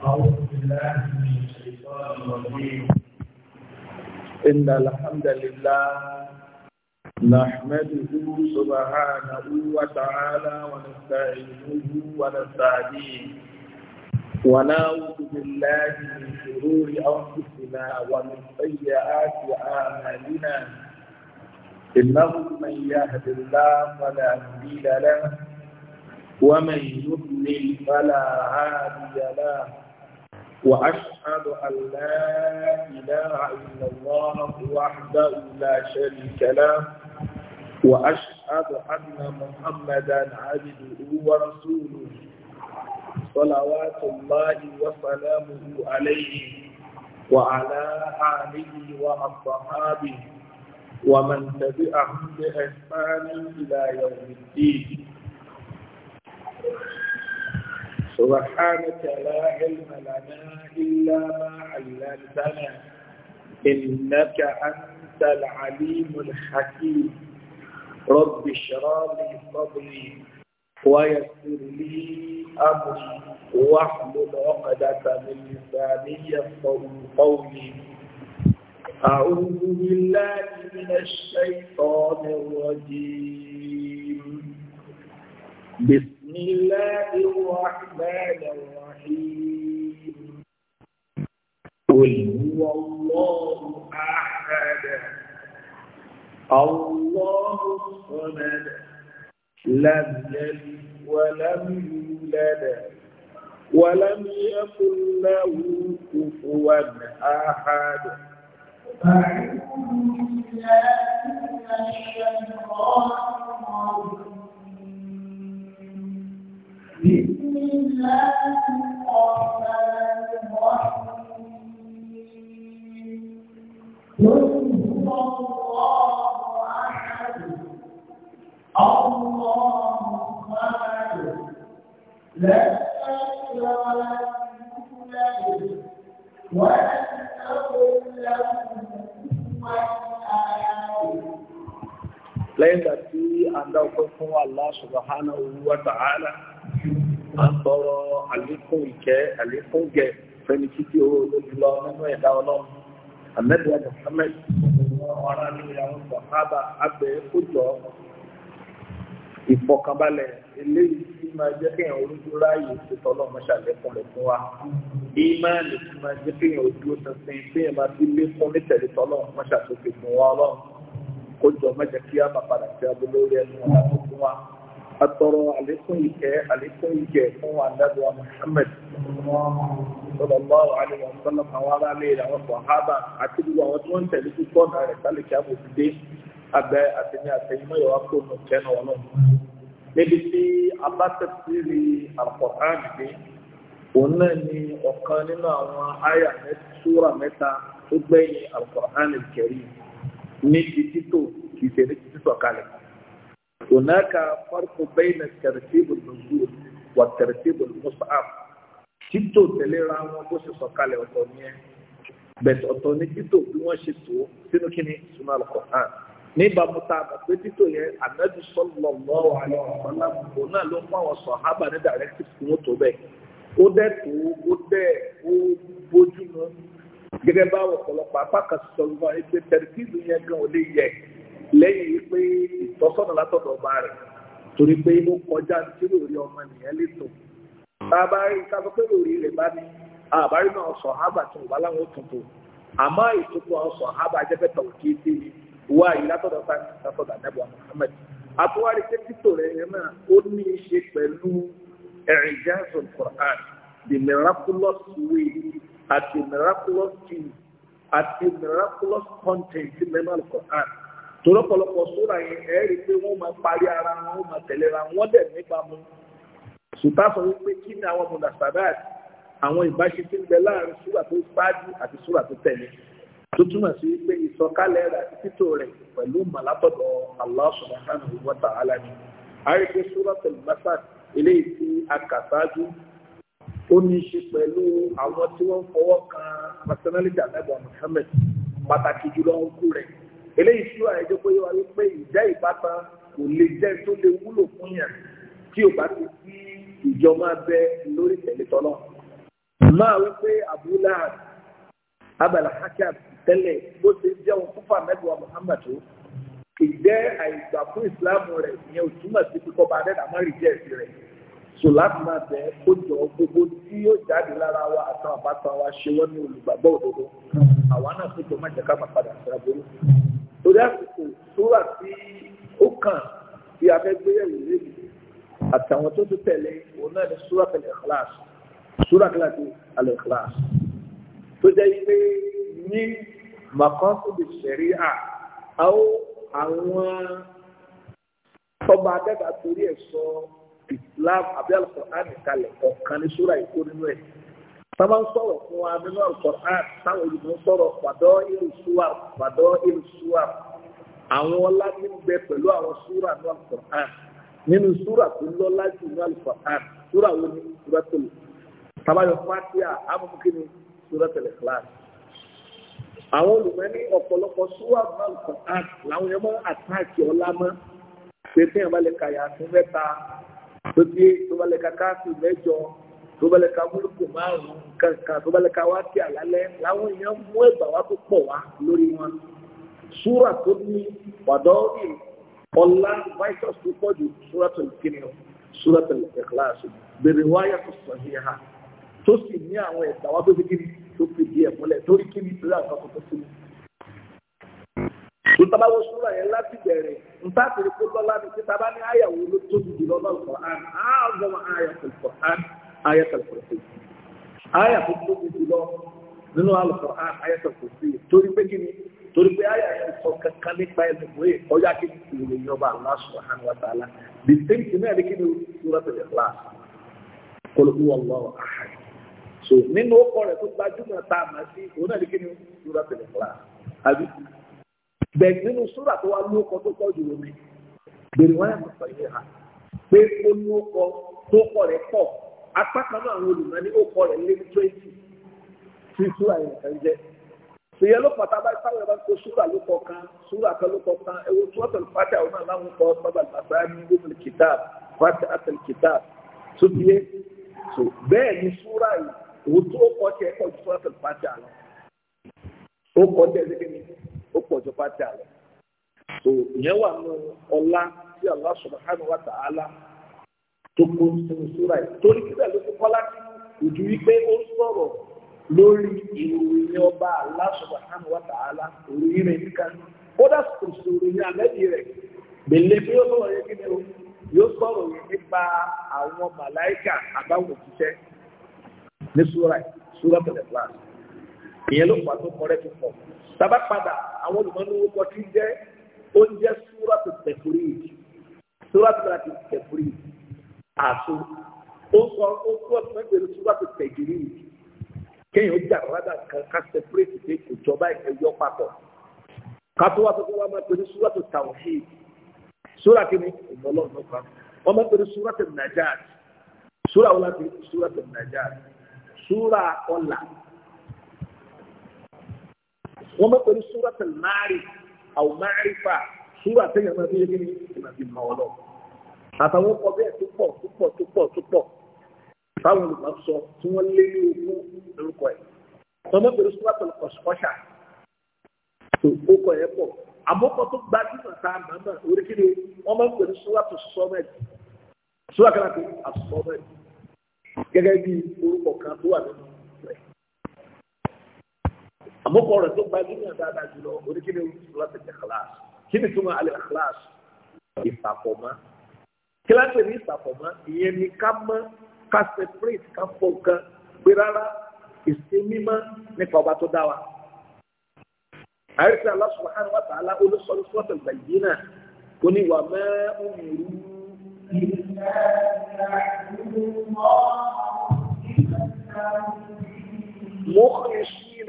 أعوذ بالله من الشيطان الرجيم إن الحمد لله نحمده سبحانه وتعالى ونستعينه ونستعينه ونعوذ بالله من شرور أنفسنا ومن سيئات أعمالنا إنه من يهد الله فلا مضل له ومن يضلل فلا هادي له وأشهد أن لا إله إلا الله وحده لا شريك له وأشهد أن محمدا عبده ورسوله صلوات الله وسلامه عليه وعلى آله وأصحابه ومن تبعهم بإحسان إلى يوم الدين سبحانك لا علم لنا إلا ما علمتنا إنك أنت العليم الحكيم رب اشرح لي صدري ويسر لي أمري واحلل عقدة من لساني يفقه قولي أعوذ بالله من الشيطان الرجيم بسم الله الرحمن الرحيم قل هو الله أحد الله الصمد لم يلد ولم يولد ولم يكن له كفوا أحد أعوذ بالله من الشيطان الرجيم Yeah. àlékún gẹ fẹni títí owó olójúlọ nínú ẹ̀dá ọlọ́run àmẹ́dùn Muhammad ọ̀rá ní ìyàwó sọ̀hábà abẹ́ kójọ ìfọkànbalẹ̀ eléyìí tí máa jẹ́ kéèyàn olójú ráàyè ṣètò ọlọ́run ṣàlékún rẹ̀ fún wa ìmáàlì tí máa jẹ́ kéèyàn ojú tuntun téèyàn máa fi lékún nítẹ̀lé tọ́lọ́run mọ́ṣàtúnṣe fún wa ọlọ́run kójọ mẹ́jẹ kí á máa padà sí abúlé orí ẹnu ọ̀la fún wa. atọrọ àlékún ìkẹ́ àlékún ìkẹ́ fún wa dábọ̀ Muhammad sọlọ́lọ́rọ̀ àlejò sọlọ́ àwọn ará ilé rẹ̀ àwọn sọ̀hábà àti gbogbo àwọn tí wọ́n ń tẹ̀lé púpọ̀ náà rẹ̀ sálẹ̀ kí a bò ti dé abẹ́ àtẹ̀mí àtẹ̀yìnmọ́ ìwà kó nù kẹ́nu ọ̀nà. níbi tí abátẹ́sírì àkọ́hán dé òun náà ni ọ̀kan nínú àwọn àyà súrà mẹ́ta tó gbẹ̀yìn àkọ́hán kẹrì níbi títò kì í ṣe títò kalẹ̀. هناك فرق بين الترتيب النزول والترتيب المصعب títò tẹ̀léra wọn bó ṣe sọ̀kalẹ̀ ọ̀tọ̀ nìyẹn bẹ̀tẹ̀ ọ̀tọ̀ ní títò bí wọ́n ṣe tó sínú kíni sínú Al-Qur'an ní ìbámuta àgbà pé títò yẹn Ànábì sallallahu alaihi wasallam náà ló fún àwọn sọ̀hábà ní directives tí wọ́n tó bẹ́ẹ̀ ó dẹ́ tó ó dẹ́ ó bójú mu gẹ́gẹ́ bá ọ̀pọ̀lọpọ̀ apá kan sọ fún wa bàbá rí káfọ́ pé lórí rẹ̀ bá ní àbárí náà sọ hábà tó wà láwọn tuntun àmọ́ ìtukọ̀ sọ hábà jẹ́fẹ́ tọ̀wọ̀ kí dé wá yìí látọ̀dọ̀ sáà látọ̀dọ̀ àdàbọ̀ Muhammad àtúwárí pé títò rẹ̀ yẹn náà ó ní í ṣe pẹ̀lú ẹ̀rìndínláṣọ̀ Quran the miraculous way àti miraculous things àti miraculous content nínú Al-Quran tòlọ́pọ̀lọpọ̀ sóra yẹn ẹ̀rí pé wọ́n máa parí ara wọn wọ́n máa tẹ̀lé ara wọn dẹ̀ nípa mu sùtá sọ wípé kí ni àwọn mùnàfàdàt àwọn ìbáṣe tí ń bẹ láàrin súrà tó ṣáájú àti súrà tó tẹ̀lé tó túmọ̀ sí wípé ìsọkalẹ̀ rẹ̀ àti títò rẹ̀ pẹ̀lú màlátọ̀dọ̀ Allah subhanahu wa ta'ala ni àríkè súratul masad eléyìí tí a kà sáájú ó ní í ṣe pẹ̀lú àwọn tí wọ́n fọwọ́ kan personality àgbà Muhammad pàtàkì jùlọ ọkù rẹ̀ eléyìí súrà ẹjọ́ pé wípé ìjẹ́ ìbátan kò lè jẹ́ tó lè wúlò fún yàn tí ò bá ti ìjọ máa bẹ lórí tẹ̀lé tọ́lọ́. máa wí pé abúlá abala hakiam tẹ́lẹ̀ bó ṣe jẹun fúnfà mẹ́gbàá muhammadu ìjẹ́ àìgbà fún ìsìláàmù rẹ̀ ìyẹn ò túmọ̀ sí pípọ́ bá dẹ́nà má rí díẹ̀ sí rẹ̀. sùláàmù máa bẹ kó jọ gbogbo tí yóò jáde lára wa àtàwọn àbátan wa ṣe wọ́n ní olùgbàgbọ́ òdodo àwa náà tó jọ má jẹ́ ká máa padà sí aburú. torí àsìkò sóra tí ó kàn tí a fẹ́ àtàwọn tó tún tẹ̀lé òun náà ní súrọ̀tì al-Ikhlas súrọ̀tì al-Ikhlas tó jẹ́ pé ní maqasid al-sharia àwọn àwọn ọba adẹ́gbà torí ẹ̀ sọ Islam àbí al-Qur'an kalẹ̀ ọ̀kan ní súrà ìkó nínú ẹ̀ sábà ń sọ̀rọ̀ fún wa nínú al-Qur'an táwọn olùdó ń sọ̀rọ̀ pàdọ́ ìlú súwà pàdọ́ ìlú súwà àwọn ọlá ní bẹ pẹ̀lú àwọn súrà al-Qur'an nínú súrà tó lọ́lá jù ní Al-Qur'an wo ni súrà tó lò tabayọ Fatiha amúkíni súrà tẹ̀lé kíláàsì. àwọn olùmọ̀ẹ́ni ọ̀pọ̀lọpọ̀ súrà ní Al-Qur'an làwọn yẹn mọ́ àtàkì ọ̀la mọ́ pé tí yẹn bá lè kàyà fún mẹ́ta tó ti tó bá lè ka káàsì mẹ́jọ tó bá lè ka múlùkù márùn-ún kankan tó bá lè ka wákì àlálẹ́ làwọn èèyàn mú ẹ̀bà wá tó pọ̀ wá lórí wọn. súrà tó ní wàdọ́ọ̀rì Allah invites us to quote Surah Al-Kiniyah, Surah Al-Ikhlas, the riwayat as-sahiha. Tó sì ní àwọn ẹ̀dá wa tó di ẹ̀ mọ́lẹ̀ ni ìpínlẹ̀ àkọ́kọ́ tó sí. Tó tábà wọ súra yẹn láti bẹ̀rẹ̀, n ta kó lọ́la ni tí tábà ní àyàwó ló tóbi jùlọ náà Al-Qur'an, ààzọ̀mọ̀ àyàtul Qur'an, àyàtul Qur'an. Àyàtò tóbi jùlọ nínú Torí torí pé àyà yẹn sọ kankan nípa ẹnu ìwé ọjà kí ìròyìn ọba Allah subhanahu wa ta'ala the same thing náà ni kí ni Suratul Ikhlas Qul huwallahu ahad so nínú ọkọ rẹ tó gbajúmọ̀ tá a máa sí òun náà ni kí ni Suratul Ikhlas àbí bẹ́ẹ̀ nínú sóra tó wà lóko tó pọ̀ jù lómi bẹ̀rẹ̀ wọn yàtọ̀ sọ ilé ha pé ó ní ọkọ tó kọ rẹ pọ̀ apá kan náà àwọn olùmọ̀ ní ọkọ rẹ lé ní sèyẹ ló fà tábà táwọn ẹ̀rọ kó súrà ló kọ kan súrà kan ló kọ kan ẹ̀wọ̀n tí wọ́n tẹ̀lé fàtà ọ̀nà aláwọn kọ sábà gbàgbà ní gbogbo kìtà fàtà àtẹ̀lé kìtà tó bíyẹ tó bẹ́ẹ̀ ni súrà yìí òun tó kọ tẹ ẹ̀kọ́ ju súrà tẹ̀lé fàtà lọ ó kọ tẹ̀ ẹ̀dẹ́gẹ́ ni ó pọ̀ ju fàtà lọ tó ìyẹn wà nù ọlá tí Allah subhanahu wa ta'ala tó kó sínú súrà yìí torí kí lórí ìròyìn ọba Allah subhanahu wa ta'ala òròyìn rẹ̀ nìkan kódà kò sòròyìn àlẹ́bí rẹ̀ gbèlè bí ó lọ́wọ́ yẹ kí ni o yóò sọ̀rọ̀ yìí nípa àwọn màláìkà àbáwọn òṣìṣẹ́ ní súra súra tẹ̀lé fúlàsì ìyẹn ló fà tó kọrẹ́ tó pọ̀ tábà padà àwọn olùmọ̀nìwó kọ tí jẹ́ ó ń jẹ́ súra tó tẹ̀kùrì súra tó tẹ̀kùrì àtò ó sọ ó sọ pẹ̀lú kéèyàn jà rádà kan ká sẹpẹrẹtì pé kò jọba ẹyọ papọ̀ ká tó wá sọfún wa máa pè ní súrátù tawhid súrà kìíní ìmọlọ́ọ̀nù kan wọ́n máa pè ní súrátù najat súrà wọn láti súrátù najat súrà ọ̀là wọ́n máa pè ní súrátù náàrí àwọn máàrífà súrà téèyàn máa fi ìmọ̀ ọlọ́ọ̀ àtàwọn ọkọ̀ bẹ́ẹ̀ tó pọ̀ tó pọ̀ tó pọ̀ tó pọ̀ táwọn olùkọ́ sọ tí wọ́n lé ní ogún lórúkọ ẹ̀ tọmọbìnrin sọ́wọ́tò kọ̀ṣọ́ṣà tó ó kọ ẹ̀ pọ̀ àmọ́kọ́ tó gbajúmọ̀ tá a màmá orí kí ni wọ́n máa ń pè ní sọ́wọ́tò sọ́mẹ́tì sọ́wọ́ kan àti àsọ́mẹ́tì gẹ́gẹ́ bí orúkọ kan tó wà nínú rẹ̀ àmọ́kọ́ rẹ̀ tó gbajúmọ̀ dáadáa jùlọ orí kí ni sọ́wọ́tò ìkàlásì kí ni túmọ̀ alẹ́ ká separate ká fọ nǹkan pé rárá ìṣe mímọ́ nípa ọba tó dá wa. àìsí Allah subhanahu wa ta'ala olóṣèlú sọ́tọ̀ gbàyè náà kò ní wà mẹ́rin òmìnirú. mọ́kìrìṣì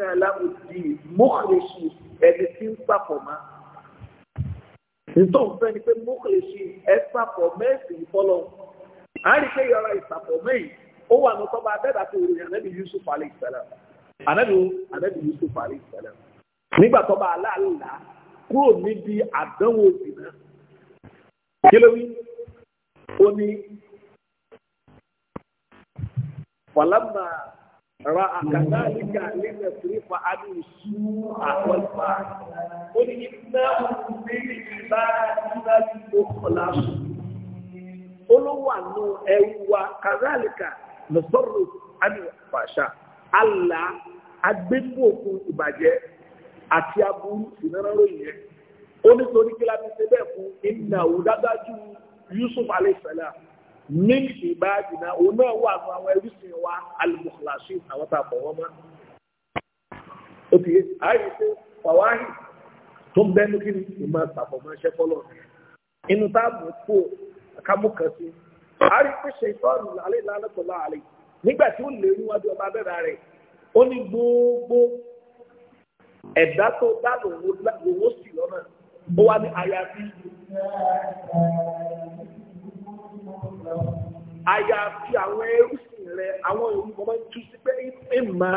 náà láwùjọ mọ́kìrìṣì ẹni tí ń papọ̀ máa nítorí ni pé mọ́kìrìṣì ẹ papọ̀ mẹ́sìn fọlọ́hún a rí pé yọrọ ìsàpọ̀ mẹ́yìn ó wà ní tọ́ba abẹ́dà tó ròyìn ànábì Yusuf alayhi salam ànábì ànábì Yusuf alayhi salam nígbà tọ́ba aláàlá kúrò níbi àdánwò ìdìbò kí ló wí ó ní fọlọ́mà ra àkàtàlíkà lẹ́nà sírífà àdúsù àwọ̀lùfà ó ní iná òkú bí ìgbà nígbà tí ó kọ̀ láṣù olówó àánú ẹ̀wù wa kàrálìkà lọ́sọ̀rọ̀ àníwàṣà àlà agbẹ́gbòkun ìbàjẹ́ àti aburú ìnáraró yẹn ó nítorí kí láti ṣe bẹ́ẹ̀ fún ìnà òdágájú Yusuf alayisala ní ìbáàdìna òun náà wà fún àwọn ẹrú sìn wa alimukulasi àwọn tá a fọwọ́ mọ́ ó ti yé àyè ṣe fàwáhì tó ń bẹ́ẹ̀ kí ni ìmọ̀ àtàfọ̀mọ́ṣẹ́ fọlọ́ inú táàbù kú ká mú kan sí a rí pé ṣètọ́nù lálẹ́ lánàtọ̀lá àlẹ́ nígbà tí ó lè níwájú ọba abẹ́rẹ́ rẹ̀ ó ní gbogbo ẹ̀dá tó dá lòwó sí lọ́nà ó wá ní àyàfi àyàfi àwọn ẹrú sìn rẹ àwọn ìlú ọmọ ń tú sí pé ìmọ̀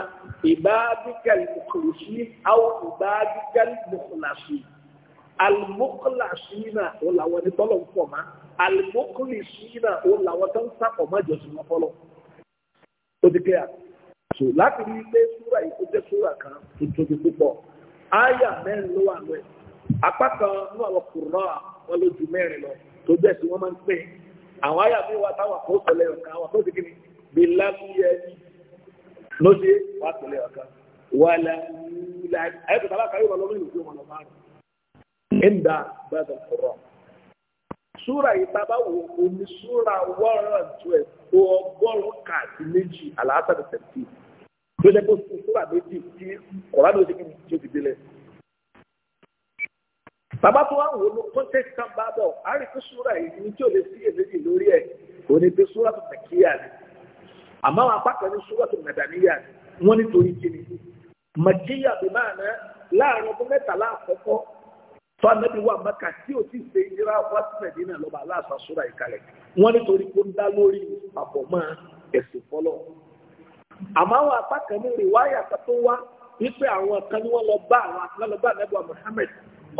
ìbáàdìkẹ́lì kòkòrò sí àwọn ìbáàdìkẹ́lì mọ̀kòlàṣì àlùmọ́kòlàṣì náà ó làwọn ẹni tọ́lọ̀ ń pọ̀ máa alimokuli suna òun làwọn tó ń sàpọ̀ mọ́jọ sí wọn fọlọ́ ó ti kẹ́ à so láti rí ilé súra yìí tó jẹ́ súra kan tó tóbi púpọ̀ àyà mẹ́rin ló wà lọ́ẹ̀ apá kan ní àwọn kùrọ̀ wọn ló ju mẹ́rin lọ tó bẹ́ẹ̀ sí wọ́n máa pè àwọn àyà mi wà táwọn kò tẹ̀lé ọ̀kan àwọn tó ti kiri bí lábúyẹ ní lóde wà tẹ̀lé ọ̀kan wàlà wúlà ẹ̀ tó tàbá kan yóò lọ lórí ìlú tó wọn lọ bá rẹ̀ ẹ̀ ń da bá súra yìí bàbá wò ó ní súra one hundred twelve ó ọgọ́rùn-ún káàdì méjì aláàtàdé tẹ̀sí tó jẹ́ méjì tí kọ̀ọ̀rọ̀ ló ṣe kí tó bàbá tó wà wò ó ní rí pé súra yìí ní tí o lè sí èméjì lórí ẹ̀ kò ní pé kíyà ni àmọ́ àwọn apá kan ní tó ni wọ́n màjíyà bí máa ná láàrin tó anabi wà maka tí o ti ṣe ìdíra wá sí Mẹdínà lọ́ba aláṣà sóra ìkàlẹ̀ wọ́n nítorí kó ń dá lórí àfọ̀mọ́ ẹ̀sìn fọlọ́ àmọ́ àwọn apá kan ní rìwáyà tó wá wípé àwọn kan ní wọ́n lọ bá àwọn kan lọ bá anabi Muhammad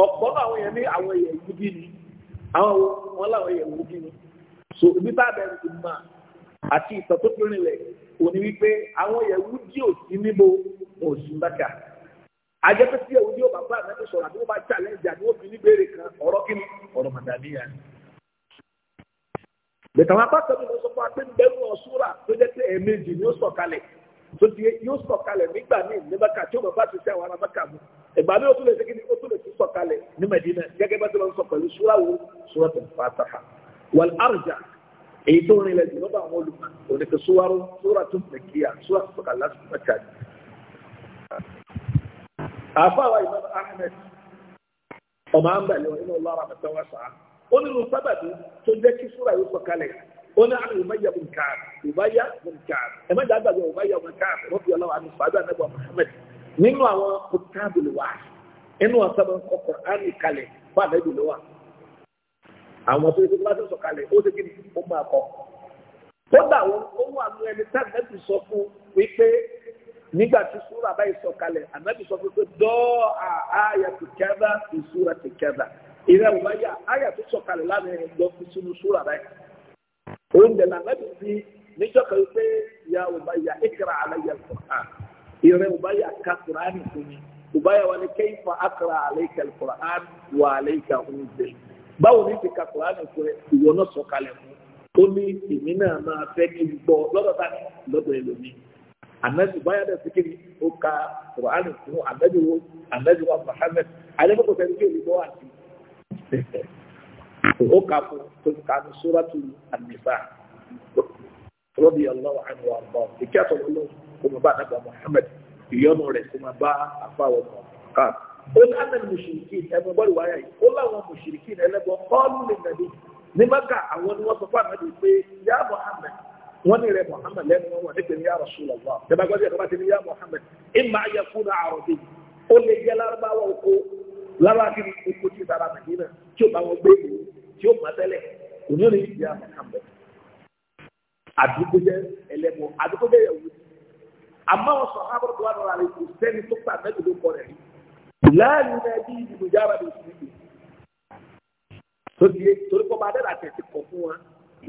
ọ̀pọ̀ náà àwọn yẹn ní àwọn èèyàn ìwúdí ni àwọn wọn làwọn èèyàn ìwúdí ni so ibi tá a bẹ̀rẹ̀ ti mọ̀ àti ìtàn tó fi rìnlẹ̀ òní wípé àwọn èèyàn ìwúdí ò sí níbo òsínbàkà ajẹ́pẹ́ tí ẹ̀wù ní yóò bá bá àmẹ́tò sọ̀rọ̀ àbí wọ́n bá challenge àbí wọ́n fi ní béèrè kan ọ̀rọ̀ kí ni ọ̀rọ̀ màdàníyà ni. bẹ̀tẹ̀ àwọn apáṣẹ mi ló sọ fún wa pé bẹ́ẹ̀rù ọ̀ṣúra tó jẹ́ pé ẹ̀ẹ̀mejì ni ó sọ̀kalẹ̀ tó ti yóò sọ̀kalẹ̀ nígbà míì ní bàkà tí ó bá bá ti sẹ́ àwọn arábàkà mu ìgbà mi ó tún lè ṣe kí ni ó tún lè tún sọ̀kalẹ̀ ní Mẹdínà gẹ́gẹ́ àfáwà ìmọ̀mù ahmed ọmọ àmbàlẹ̀ ọ̀hìn ọlọ́run àbẹ̀tẹ̀ wá sàá ó nínú sábàbí tó jẹ́ kí súra yóò sọ kalẹ̀ ó ní àmì ìmáyà bùn káàb ìmáyà bùn káàb ẹ̀ mẹ́ta àgbàdo ìmáyà muhammed nínú àwọn inú ọ̀sán kalẹ̀ nígbà tí súrà báyìí sọ kalẹ̀ ànábì sọ pé dọ́ọ̀ àyà ti kẹ́bà ti súrà ti kẹ́bà ìrẹ́ wò báyà àyà tó sọ kalẹ̀ lánàá yẹn lọ fi sínú súrà báyìí. òun dẹ̀ nà ànábì fi níjọ́ kan pé ya wò báyà ìkìrà àlàyé al-Qur'an ìrẹ́ wò báyà ká kùránì fún mi wò báyà wà ní kayfa aqra alayka al-Qur'an wà alayka unzil báwo ní annabi baya da sikiri ko ka qur'ani ko annabi wo annabi wa muhammad ale ko ka ke libo anti o ka ko ko ka no suratu an-nisa radi Allahu anhu wa arda ikato lo ko ba da muhammad yono re kuma ba afa wa ka o anna al-mushrikin e mo bari waya yi o la wa mushrikin ele bo qalu lin nabi ni maka àwọn wọ́n sọ fa nabi pé ya muhammad wọ́n ní rẹ̀ muhammad lẹ́nu ti ní ya Rasulullah tẹ́bá gbọ́dọ̀ tẹ́bá ti ní ya Muhammad imma an yakuna arabi ó lè jẹ́ lárúbáwá oko lárúbáwá kí ni oko ti sára Madina tí ó bá wọn gbé ìlú tí ó mọ̀ tẹ́lẹ̀ kò ní rí ya Muhammad àdúgbò jẹ́ ẹlẹ́mọ̀ àdúgbò jẹ́ yẹ̀wò àmọ́ wọn sọ ha bọ́dọ̀ wà lọ́la rẹ̀ kò sẹ́ni tó pa mẹ́tòdó kọ rẹ̀ rí láàrin náà bí ìdìbò jára lè fi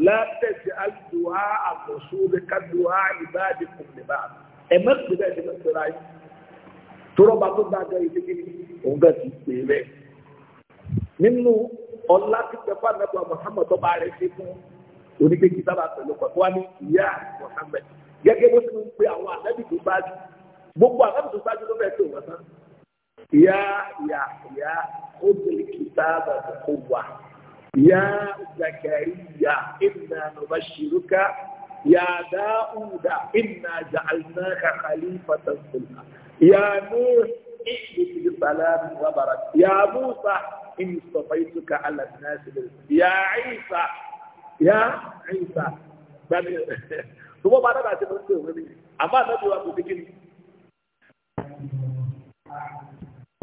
látẹ̀sí àdùá àmọ̀súnrẹ́ kádùá ìbáàdì kùn níbà ẹ má pè bẹ́ẹ̀ nígbà tó ráyé tọ́rọ̀bà tó bá gẹ́ ìdíkì ní òun gẹ́ ti pè rẹ̀ nínú ọlá tí pẹ̀fà nàbà Muhammad tó bá rẹ̀ ṣe fún oníkéjì sábà pẹ̀lú pẹ̀lú wa ní ìyá Muhammad gẹ́gẹ́ bó ti ń pe يا زكريا إنا نبشرك يا داود إنا جعلناك خليفة في الأرض يا نوح احبك بسلام وبركة يا موسى إن اصطفيتك على الناس يا عيسى يا عيسى ثم بعد ما تقول أما نبي وأبو بكين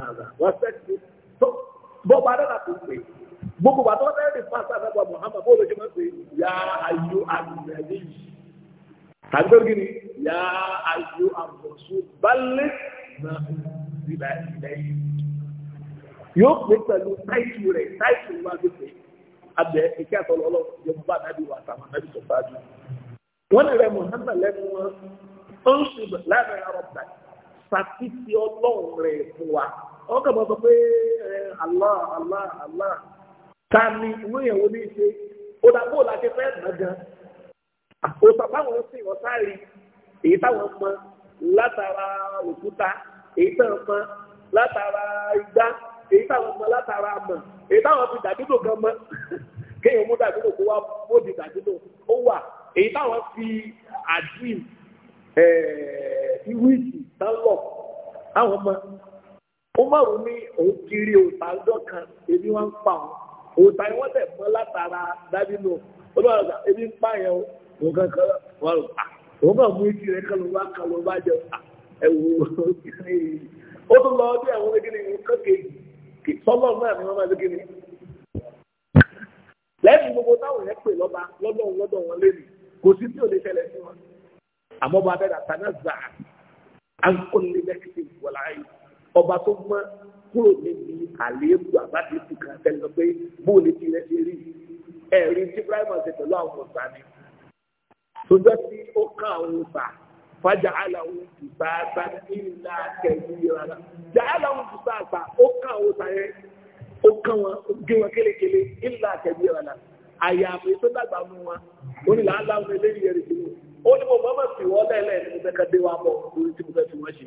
هذا واستكبر ثم بعد ذلك tó gbogbo àtọ́ bẹ́ẹ̀ ní fásitì àgbà Muhammad bó ló ṣe máa ń pè ya ayo àgbẹ̀lẹ́ yìí tàbí tó gíní ya ayo àbọ̀sọ balẹ̀ náà ìlà ilẹ̀ yìí yóò pè pẹ̀lú táìtù rẹ̀ táìtù wa ti pè abẹ ìkẹ́ àtọ́lọ́ ọlọ́run jẹ́ mo bá nàbí wa àtàwọn nàbí tó bá dùn. wọ́n rẹ̀ Muhammad lẹ́nu wọn ó ń sùn láàrin arọ́bà sàfíìsì ọlọ́run rẹ̀ fún wa ọkọ̀ bọ́ sọ pé Allah Allah Allah ta ni ìwé yẹn wo ní í ṣe ó dá bóòlù àti fẹ́ mọ̀ gan òòtà táwọn ń sìn ọ̀tá rí èyí táwọn mọ látara òkúta èyí táwọn mọ látara igbá èyí táwọn mọ látara amọ̀ èyí táwọn fi dàbídò gan mọ kéèyàn mú dàbídò kó wá bóde dàbídò ó wà èyí táwọn fi àdìm ìwíìsì tánlọ̀ táwọn mọ ó mọ̀rún ní òun kiri òòtà kan èmi wá ń pa òun òòtà ni wọ́n tẹ̀ mọ́ látara dábìnú olùwàlùkà ebi ń pààyàn nǹkan kan wọ́n lò pa ah! òun kàn mú ìdí rẹ̀ kan ló bá kan ló bá jẹ ah! ẹ̀wù ó tún lọ bí àwọn ẹgbẹ́ nínú kékeré sọ́lọ́ náà ni wọ́n máa ń gbé ní. lẹ́yìn gbogbo táwọn yẹn pè lọ́ba lọ́dọ̀ lọ́dọ̀ wọn lẹ́nu kò sí tí ò ṣẹlẹ̀ sí wọn àmọ́ bá bẹ́ẹ̀ dàtà náà zà kúrò níbi àléébù àbádìsí kan tẹ́lẹ̀ sọ pé bó lè tirẹ̀ ṣe rí ẹ̀rí tí Ibrahim ṣe pẹ̀lú àwọn ọ̀sà ni. sọjọ́ tí ó ká àwọn ọ̀sà fàjà a ìgbà àgbà ńlá kẹ̀lú ìrara jà aláwọ̀ ìgbà àgbà ó ká àwọn ọ̀sà yẹn ó ká wọn gé wọn kélékélé ńlá kẹ̀lú ìrara àyàfi tó dàgbà mú wọn ó ní làálàá wọn eléyìí ẹ̀rí sí wọn ó ní mo mọ̀ mọ̀ sí wọn lẹ́lẹ́ ní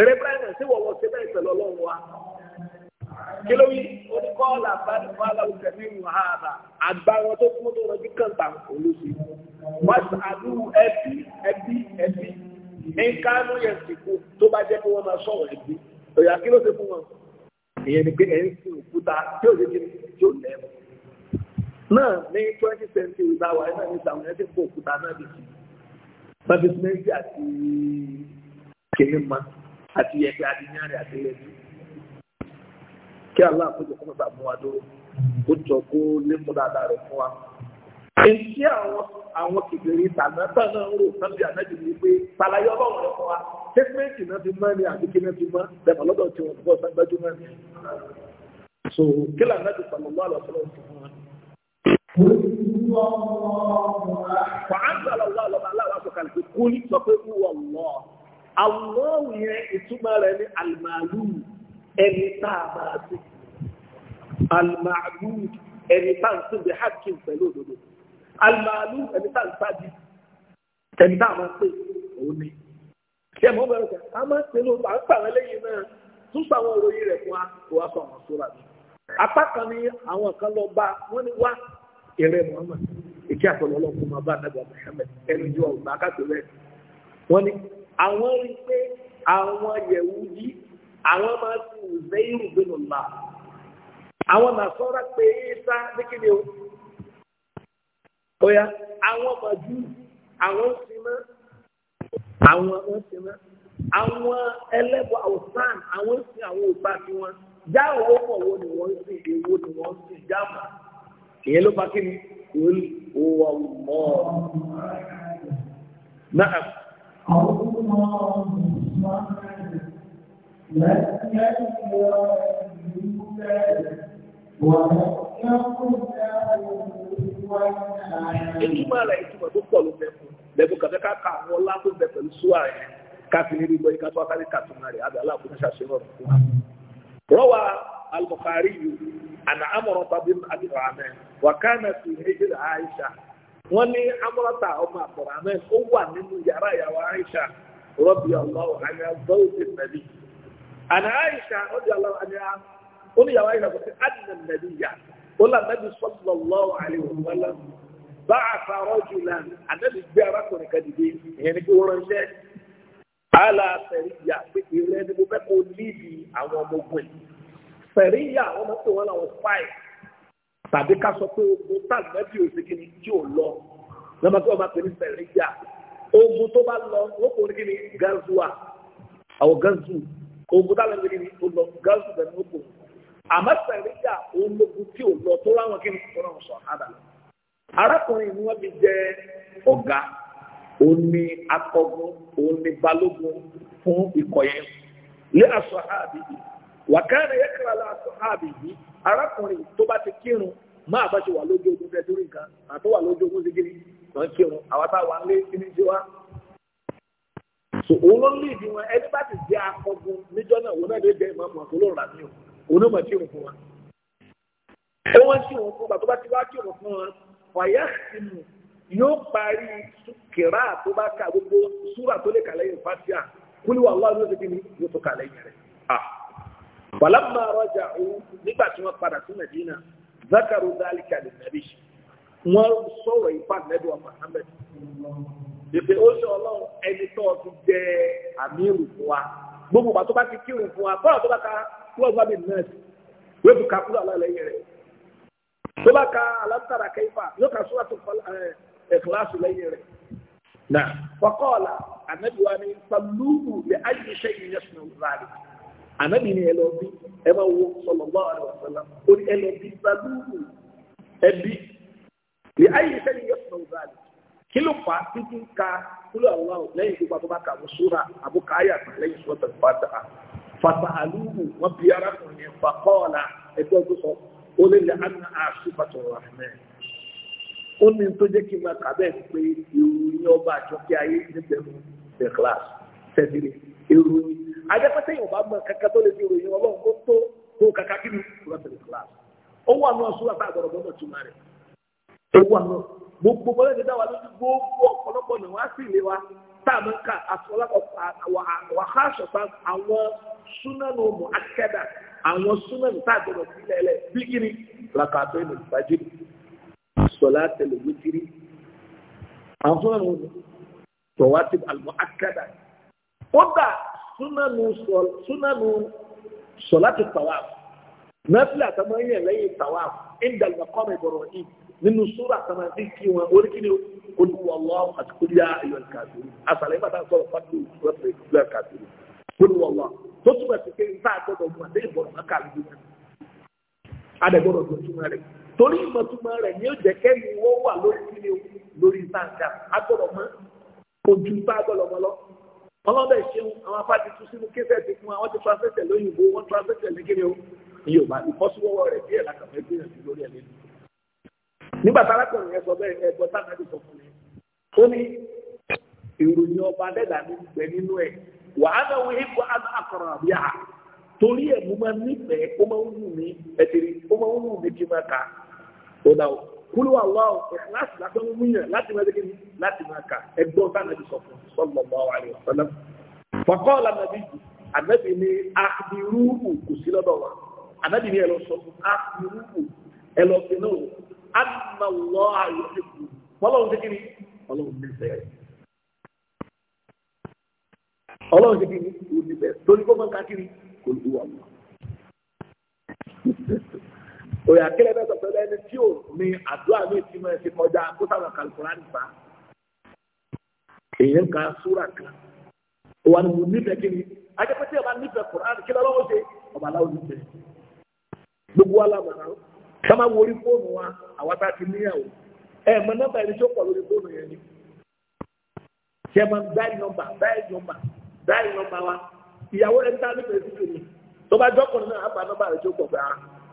Èrè Bíráìmù sí wọ̀wọ̀ sí bẹ́ẹ̀ pẹ̀lú ọlọ́run wa. Kí ló wí? Ó ní kọ́ọ̀lù àbáni fún aláwọ̀ tẹ̀lé ìwọ̀n ààbà. Àgbà wọn tó kún tó rọjú kàǹtà olóṣù. Wọ́n àdú ẹbí ẹbí ẹbí. Nǹkanú yẹn sì kú tó bá jẹ́ pé wọ́n máa sọ̀rọ̀ ẹbí. Òyà kí ló ṣe fún wọn? Ìyẹn ni pé ẹ̀ ń sin òkúta tí ò lè jẹ́ tí ò lẹ́wọ̀. Náà ní twenty century bá wà náà ní sàwọn ẹ̀ náà bìí. Bàbá Ismaili àti àti ẹgbẹ́ adínyàrẹ̀ àtẹlẹ́bí kí Allah àkójọ kọ́ bàbá mú wa dúró ó jọ kó lé mú dáadáa rẹ̀ fún wa. Èyí àwọn àwọn kìkìrì tàná tàná ń rò sábì ànájú ni pé ṣàlàyé ọlọ́run rẹ̀ fún wa. Tẹ́tímẹ́ǹtì náà fi mọ́ ni àti kí náà fi mọ́ bẹ̀rẹ̀ lọ́dọ̀ tí wọ́n bọ́ sábẹ́jú mọ́ ni. So kí lànà ti sọ̀rọ̀ lọ́wọ́ àlọ́ fọlọ́ fún wọn. Wàá ń sọ̀rọ̀ lọ́wọ́ àlọ́ Allahu yẹn ìtumọ̀ rẹ̀ ní alìmàlú ẹni táà máa sí. Alìmàlú Hakim pẹ̀lú òdodo. Alìmàlú ẹni táà ń sáàdì. Ẹni táà máa pè òun ni. Ṣé mo bẹ̀rẹ̀ sẹ́, a máa ń pè lóòótọ́, à ń pàwọn eléyìí náà tún sọ àwọn ìròyìn rẹ̀ fún bá wọ́n ní Muhammad. Ìkí àtọ̀lọ́lọ́ fún ma bá ẹni jọ ọ̀gbà akáṣẹ́ bẹ́ẹ̀. Wọ́n ní àwọn rí pé àwọn yẹ̀wúdí àwọn máa fi òzẹ́ ìrùgbé nù là àwọn nàṣọ́ra pé ìsá dékèdè o oya àwọn màjú àwọn ń sin mọ́ àwọn ń sin mọ́ àwọn ẹlẹ́bọ̀ àwòsàn àwọn ń sin àwọn òpá sí wọn já owó pọ̀ wo ni wọ́n ń sin èwo ni wọ́n ń sin jáàmà ìyẹn ló bá kí ni òwò mọ́ ọ náà. Ìtumọ̀ ara ìtumọ̀ tó pọ̀ ló mẹ́fún. Lẹ́bùn kàfẹ́ ká ka àwọn ọlá tó bẹ pẹ̀lú súwà rẹ̀. Káfí ní gbígbọ́ ìka tó akálẹ̀ kàtúmọ̀ rẹ̀. Àbẹ̀ aláàbò ní ṣàṣẹ rọ̀ fún wa. Rọ́wà al-Bukhari yìí, àná àmọ̀ràn tàbí àbí ràmẹ́. Wà kánà sí Hejìlá Aisha wọ́n ní amúrátà ọmọ àbọ̀ràmẹ́ ó wà nínú yàrá ìyàwó Aisha rọ́bì ọlọ́wọ́ àyà zọ́ọ̀dì nàbí. àná Aisha ọdí ọlọ́wọ́ àyà ó ní yàrá Aisha kò sí àdìnà nàbí yà ó là nàbí sọ́lọ́lọ́wọ́ àlewọ́lá bá àfàrọ́ jùlá ànábì gbé arákùnrin kan dìde ìyẹn ní kí wọ́n ránṣẹ́. àlà fẹ̀ríyà pé ìrẹ́ mo fẹ́ kó líbi àwọn ọmọ ogun yìí fẹ̀ríyà wọ́n mọ̀ pé làwọn fáìlì tàbí ká sọ pé ogun tàbí òsìkí ni tí ò lọ lọ́mọ tí wọ́n máa pè ní sẹ̀ríjà ogun tó bá lọ wọ́n kò ní kí ni gazua àwọn gazu ogun tá lọ́mọ kí ni tó lọ gazu bẹ̀rẹ̀ ó kò àmọ́ sẹ̀ríjà ológun tí ò lọ tó ráwọn kí ni tó ráwọn sọ̀ hádà arákùnrin ni wọ́n fi jẹ́ ọ̀gá òun ni akọgun òun ni balógun fún ìkọ̀ lé aṣọ àbíyí wàkàrà yẹ la sọ̀hábì yìí arákùnrin tó bá ti kírun máa bá ṣe wà lójú ogun fẹ́ torí nǹkan àti wà lójú ogun sígiri wọ́n kírun àwọn táwa ń lé kíní ṣe wá. so òun ló lè di wọn ẹni bá ti jẹ akọgun níjọ náà òun náà lè jẹ ìmọ̀ ọmọ tó lóun rà mí o òun náà mọ̀ kírun fún wa. ó wọ́n kírun fún wa tó bá ti wá kírun fún wa fàyà sínú yóò parí kìrá tó bá ka gbogbo súrà tó lè kà lẹ́yìn fásíà kúlíwà aláwọ̀ falamma raja'u nígbà tí wọ́n padà sí Medina zakaru dhalika lin-nabi wọ́n sọ̀rọ̀ ipa nẹ́dùn Muhammad ìpè ó ṣe ọlọ́run ẹni tó ti jẹ àmírù fún wa gbogbo ìgbà tó bá ti kírun fún wa kọ́ọ̀ tó bá ànábì ni ẹ lọ bí ẹ bá wo sallallahu alaihi wasallam ó ní ẹ lọ bí sàlúù ẹbí ní ayé sẹ́yìn yẹ sọ̀rọ̀ báyìí kí ló fà á títí ka kúlọ̀ àwọn àwọn lẹ́yìn gbogbo àbúrò kà wọ́n sóra àbúkà ayé àti lẹ́yìn sọ́tẹ̀ fàtà fàtà àlùkù wọn bí arákùnrin yẹn fà kọ́ọ̀là ẹgbẹ́ ọdún sọ ó lè lè àná àṣùpàtà rahman ó ní tó jẹ́ kí n máa kà bẹ́ẹ̀ pé ìròyìn ọba àjọkẹ́ ayé níbẹ̀ mú the class tẹ̀lé ìròyìn ajẹ́pẹ́tẹ́ yóò bá mọ kankan tó lè fi ìròyìn ọlọ́run kó tó tó kankan kí ni rọ́tẹ̀lẹ̀ kíláàsì ó wà náà sórí àtàgbà ọ̀gbọ́n náà túmọ̀ rẹ̀ ó wà náà gbogbo bọ́lá ti dá wa lójú gbogbo ọ̀pọ̀lọpọ̀ ni wọ́n á sì lé wa tá a máa ń ka àwàhásọ̀tà àwọn súnánù mọ̀ akẹ́dà àwọn súnánù tá a gbọdọ̀ sí lẹ́lẹ̀ bí kí ni làkàtọ́ ìlú ìbàjẹ́ sọlá tẹlẹ wítírì àwọn súnánù tọ̀wá ti àlùmọ́ akẹ́dà kódà sunanu sọ̀láti tawaf nàfílà àtàwọn èèyàn lẹ́yìn tawaf indal maqam Ibrahim nínú súrà àtàwọn àti kí wọn orí kí ni olúwọlọ àti kúlíà ayọ̀ kàdúrú àtàlẹ́ ìbàdà sọ̀rọ̀ fàdúrú ìfúrẹ́fẹ́ kúlíà kàdúrú olúwọlọ tó túbọ̀ sí pé nta àgbọ̀dọ̀ mú àdé ìbọ̀rọ̀ mọ́kà tó torí wà lórí lórí nta nǹkan àgbọ̀dọ̀ mọ́ ojú nta ọlọ́dọ̀ ìṣeun àwọn afáàdì tún sínú kéfẹ́ ti fún wa wọ́n ti transfẹ́tẹ̀ lóyìnbó wọ́n rẹ̀ lákàtà lórí nígbà tá yẹn sọ bẹ́ẹ̀ ti sọ fún mi ó ní ìròyìn ọba dẹ́dà ní gbẹ nínú ẹ̀ ipò akọ̀rọ̀ torí ẹ̀ mo máa nífẹ̀ẹ́ ó máa ń kúlù aláwọ̀ ìkíláàsì lásán mú yàn láti máa dégé láti máa kà ẹgbọ́n tánàbí sọ fún sallallahu alaihi wasallam. faqala nàbí ànábì ní àbírúhù kò sí lọ́dọ̀ wa ànábì ní ẹlọ sọ fún àbírúhù ẹlọ fi náà wò ànàlọ́ ayọ̀ ṣe kù fọlọ́run ṣe kíni ọlọ́run ní ìfẹ́ ọlọ́run ṣe kíni kò ní bẹ́ẹ̀ torí kó máa ń ká kò ní wà wọ́n òyà kílẹ̀ bẹ́ẹ̀ sọ̀tọ̀ lẹ́ni tí ò ní àdúrà ní ìtìmọ̀ ẹ̀ ti kọjá kó sábà kàlùkùrán nìfà èèyàn kan súrà kan wà ní mo nífẹ̀ẹ́ kí ni ajẹ́pẹ́tẹ́ ọba nífẹ̀ẹ́ kùrán kí lọ́wọ́ ṣe ọba aláwọ̀ nífẹ̀ẹ́ gbogbo alámọ̀nà sábà wo orí fóònù wa àwa tá a ti níyàwó ẹ mọ nọ́mbà ẹni tó pọ̀ lórí fóònù yẹn ni ṣe máa dáì nọ́mbà dáì nọ́mbà dáì nọ́mbà wa ìyàwó ẹni tá nífẹ̀ẹ́ sí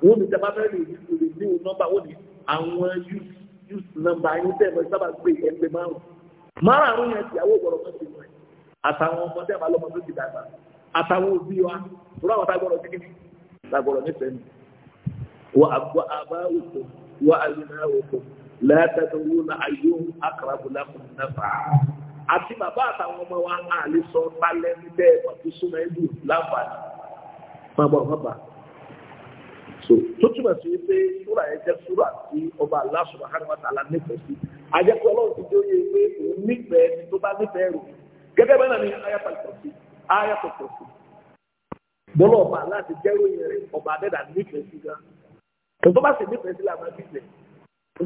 wọ́n ní sábà fẹ́ lè lè ní o nọ́mbà wọ́n ní àwọn yus nọ́mbà yín tẹ̀ mọ́ sábà gbé ẹgbẹ́ márùn márùn yẹn tìyàwó gbọ́dọ̀ mọ́ sí mọ́ ẹ̀ àtàwọn ọmọ tẹ́ àbálọ́mọ tó ti dàgbà àtàwọn òbí wa rọ àwọn tágbọ́dọ̀ sí kíni tágbọ́dọ̀ nífẹ̀ẹ́ mi wà àgbà àbá òkò wà àyìnà òkò lẹ́tẹ̀tẹ̀wò na ayé akàràbùlà kò nẹ́fà àti bàbá àtàwọn ọmọ wa àlè sọ talẹ́ níbẹ̀ pàtó súnmọ́ ẹ̀dùn láǹfààní so tó túmọ̀ sí pé súrà yẹn jẹ́ súrà tí ọba Allah subhanahu wa ta'ala nífẹ̀ẹ́ sí ajẹ́pẹ́ ọlọ́run ti dóye pé òun nífẹ̀ẹ́ ni tó bá nífẹ̀ẹ́ rò gẹ́gẹ́ bẹ́ẹ̀ náà ni ayatul kursi ayatul kursi bọ́lá ọba Allah ti jẹ́ ròyìn rẹ̀ ọba adẹ́dà nífẹ̀ẹ́ sí gan tó bá sì nífẹ̀ẹ́ sí làmá fi tẹ̀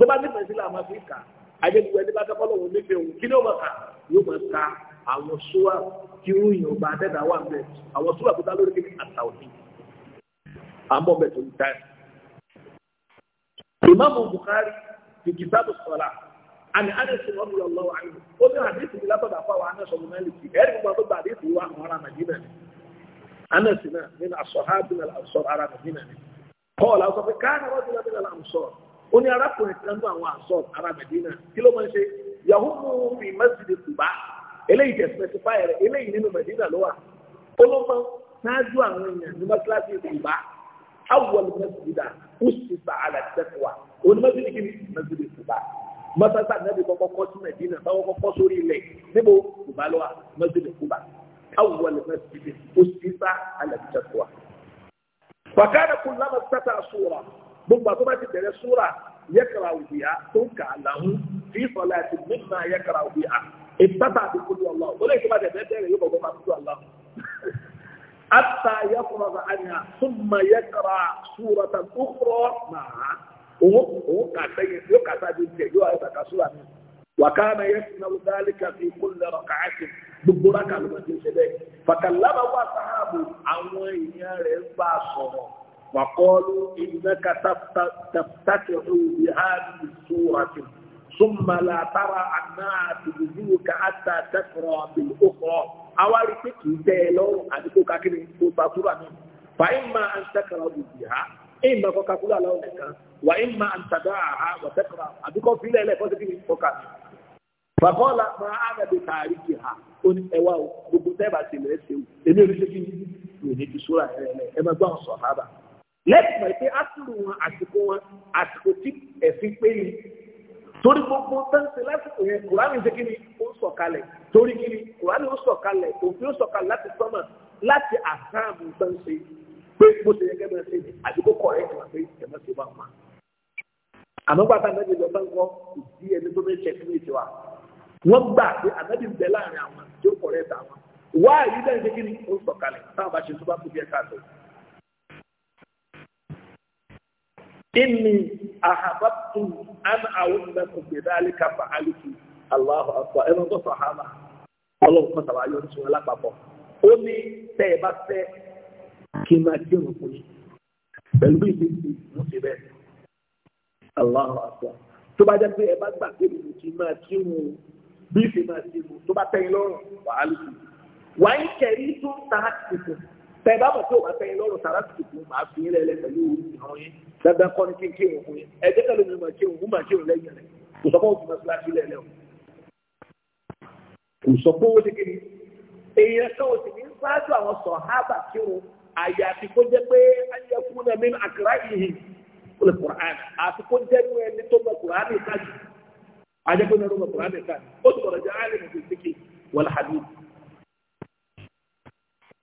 tó bá nífẹ̀ẹ́ sí làmá fi kà ajẹ́pẹ́ ẹni bá kẹ́kọ̀ọ́ lọ́wọ́ nífẹ̀ẹ́ òun kí ni ó máa kà yóò máa ka àwọn súrà tí ròyìn ọba adẹ́dà wà ń bẹ̀ àwọn súrà tó dá lórí kí ni àtàwọn àmọ́ bẹ̀ tó ń ta ẹ̀. ìmáàmù Bukhari fi kìtàbù sọ̀la àmì anẹ́sì ọ̀nù lọ́wọ́ àyè ó ní àdéhùn mi látọ̀dọ̀ àfọwọ́ anẹ́sì ọ̀nù mẹ́lìkì ẹ̀rí gbogbo àti gbogbo àdéhùn wa àwọn ará Nàìjíríà ni anẹ́sì náà nínú asọ̀hábì náà àwùsọ̀rọ̀ ará Nàìjíríà ni paul àwọn sọfẹ káàdà wọn ti lọ nílẹ̀ àmsọr ó ní arákùnrin kan ní àwọn àmsọr ará Medina kí ló máa ń ṣe yahumu fi masjidi Quba eléyìí tẹ specify rẹ eléyìí nínú Medina ló wà ó ló máa ń ṣáájú àwọn èèyàn ní mọ́sálásí Quba awwal masjida usisa ala taqwa òun masjid kí ni masjid Quba masasa nabi kọ́kọ́ kọ́ sí Medina sáwọn kọ́kọ́ sórí ilẹ̀ níbo Quba lọ wa masjid Quba awwal masjid usisa ala taqwa. fakana kullama sata sura gbogbo àtọ́bá ti bẹ̀rẹ̀ sura yẹ́kara òbí a tó ń kà á làwọn fi sọ̀lá àti mímọ́ yẹ́kara òbí a ìtàtà àti kúlù ọlọ́ọ̀ ó lè tó bá tẹ̀ bẹ́ẹ̀ bẹ́ẹ̀ yóò bọ̀ bọ́ máa kúlù ọlọ́ọ̀. حتى يفرغ عنها ثم يقرأ سورة أخرى معها وكان يسمع ذلك في كل ركعة ببركة فكلمه أصحابه عن وقالوا إنك تفتتح بهذه السورة súnmọ́ la tára àná àtìlúwò ká àtà tẹ́kọ̀rọ̀ àbìlú òkọ̀ àwa rí pé kì í tẹ́ ẹ lọ́rùn àdúgbò kákiri kó ta súrà náà fa ìmà àǹtẹ̀kọ̀rọ̀ òbí ha ìmà kọ́ka kúrò àlọ́ nìkan wà ìmà àǹtàdá àhá wà tẹ́kọ̀rọ̀ àdúgbò fílẹ̀ ẹlẹ́ fọ́sẹ̀ kí ni kọ́ka ni. fàkọ́lá máa àgàdé tààrí kì ha ó ní ẹ wá o gbogbo tẹ́ẹ̀bà ti lẹ́ ṣe o èmi ò ní ṣe kí ni mi ò ní ti torí gbogbo tẹ́ǹsì lásìkò yẹn kùránì jẹ́ kí ni ó ń sọ̀kalẹ̀ torí kí ni kùránì ó sọ̀kalẹ̀ òfin ó sọ̀kalẹ̀ láti sọ́mà láti àsáàmù tẹ́ǹsì pé bó ṣe yẹ kẹ́mẹ́ ṣe ni àdúgbò kọ̀ọ̀rẹ́ ìtura pé ẹ̀mọ́ ṣe wà wá. àmọ́ gbàtà anábì lọ báńkọ́ ìdí ẹni tó fẹ́ ṣẹ́kí ní ìtura wọ́n gbà pé anábì ń bẹ láàrin àwọn tí ó kọ̀ọ̀rẹ́ ìta wọn wáyé inni ahababtu an awunda ku bi dalika fa aliku allahu akbar ẹnu tó sàhábà ọlọ́run kan sàbà yọ orísun alápapọ̀ ó ní tẹ́ ẹ bá fẹ́ kí n máa kí òun fún yín pẹ̀lú bí ìdí ìdí mo ṣe bẹ́ẹ̀ allahu akbar tó bá jẹ́ pé ẹ bá gbà pé mo kì máa kí òun bí ìdí máa kí òun tó bá tẹ́yìn lọ́rùn wà á wàá ń kẹ̀rí tó ta àtìkù tẹ bá bọ̀ tí o bá fẹ́ yín lọ́rùn sàrà tùtù máa fi yín lẹ́lẹ́ pẹ̀lú ìrún yín dandan kọ́ ni kéńké òun yín ẹ jẹ́ kẹ́lẹ́ mi máa ṣe òun máa ṣe òun lẹ́yìn rẹ̀ kò sọ pé o ti máa fila sílẹ̀ lẹ́wọ̀ kò sọ pé o ti kiri èèyàn kan o sì ní sáájú àwọn sàhábà kírun àyàfi kó jẹ́ pé ayẹkùn náà mi àkàrà yìí kó lè kùrán àfi kó jẹ́ inú ẹni tó mọ kùrán nìkan jù àjẹkùn náà ló mọ kùrán nìkan ó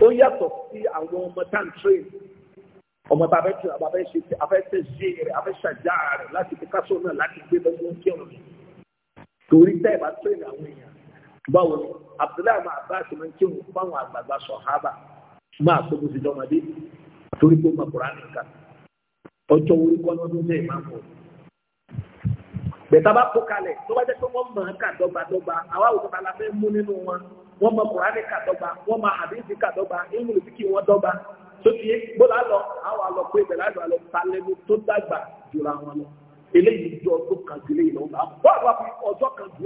ó yàtọ̀ sí àwọn ọmọ tàǹtírì ọmọ bàbá tí a bàbá ṣe afẹ́ ṣe ṣe rẹ̀ afẹ́ ṣàjà rẹ̀ láti fi káṣọ náà láti gbé bẹ́ẹ̀ ló ń kí ọ̀rọ̀ torí tẹ́ẹ̀ bá tírì àwọn èèyàn báwo ni Abdullahi máa bá àti máa ń kírun fáwọn àgbààgbà sọ̀hábà máa tó bó ti dọ́mọdé torí pé ó máa kóra nìkan ọjọ́ orí kọ́ lọ́dún náà máa ń bọ̀ bẹ̀tà bá kó kalẹ̀ tó bá jẹ́ pé wọ́n mọ̀ ọ́n kà dọ́gbadọ́gba àwa òkú ta la fẹ́ mú nínú wọn wọ́n mọ̀ kùránì kà dọ́gba wọ́n mọ̀ àdìsí kà dọ́gba ìmùlù sí kí wọ́n dọ́gba tó ti àwọn àlọ́ pé bẹ̀rẹ̀ àjọ àlọ́ ta tó dàgbà jùlọ àwọn lọ eléyìí ju ọdún kan ju eléyìí lọ́wọ́ bá wà wá fún ọjọ́ kan ju ẹ